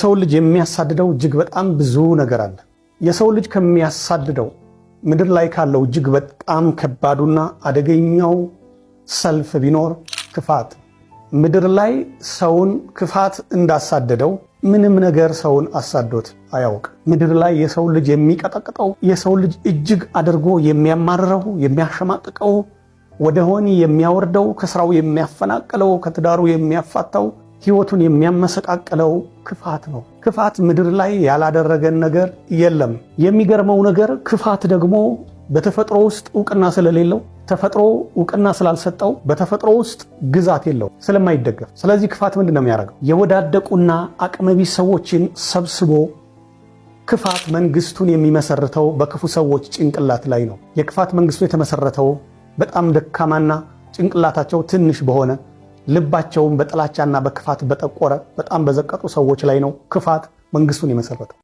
የሰው ልጅ የሚያሳድደው እጅግ በጣም ብዙ ነገር አለ። የሰው ልጅ ከሚያሳድደው ምድር ላይ ካለው እጅግ በጣም ከባዱና አደገኛው ሰልፍ ቢኖር ክፋት። ምድር ላይ ሰውን ክፋት እንዳሳደደው ምንም ነገር ሰውን አሳዶት አያውቅ። ምድር ላይ የሰው ልጅ የሚቀጠቅጠው የሰው ልጅ እጅግ አድርጎ የሚያማርረው የሚያሸማቅቀው፣ ወደ ሆኒ የሚያወርደው፣ ከስራው የሚያፈናቅለው፣ ከትዳሩ የሚያፋታው ህይወቱን የሚያመሰቃቅለው ክፋት ነው። ክፋት ምድር ላይ ያላደረገን ነገር የለም። የሚገርመው ነገር ክፋት ደግሞ በተፈጥሮ ውስጥ እውቅና ስለሌለው ተፈጥሮ እውቅና ስላልሰጠው በተፈጥሮ ውስጥ ግዛት የለው ስለማይደገፍ። ስለዚህ ክፋት ምንድን ነው የሚያደርገው? የወዳደቁና አቅመቢስ ሰዎችን ሰብስቦ ክፋት መንግስቱን የሚመሰርተው በክፉ ሰዎች ጭንቅላት ላይ ነው። የክፋት መንግስቱ የተመሰረተው በጣም ደካማና ጭንቅላታቸው ትንሽ በሆነ ልባቸውን በጥላቻና በክፋት በጠቆረ በጣም በዘቀጡ ሰዎች ላይ ነው ክፋት መንግስቱን የመሰረተው።